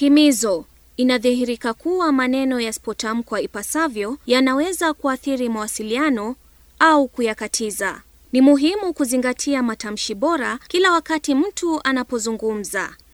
Himizo: inadhihirika kuwa maneno yasipotamkwa ipasavyo yanaweza kuathiri mawasiliano au kuyakatiza. Ni muhimu kuzingatia matamshi bora kila wakati mtu anapozungumza.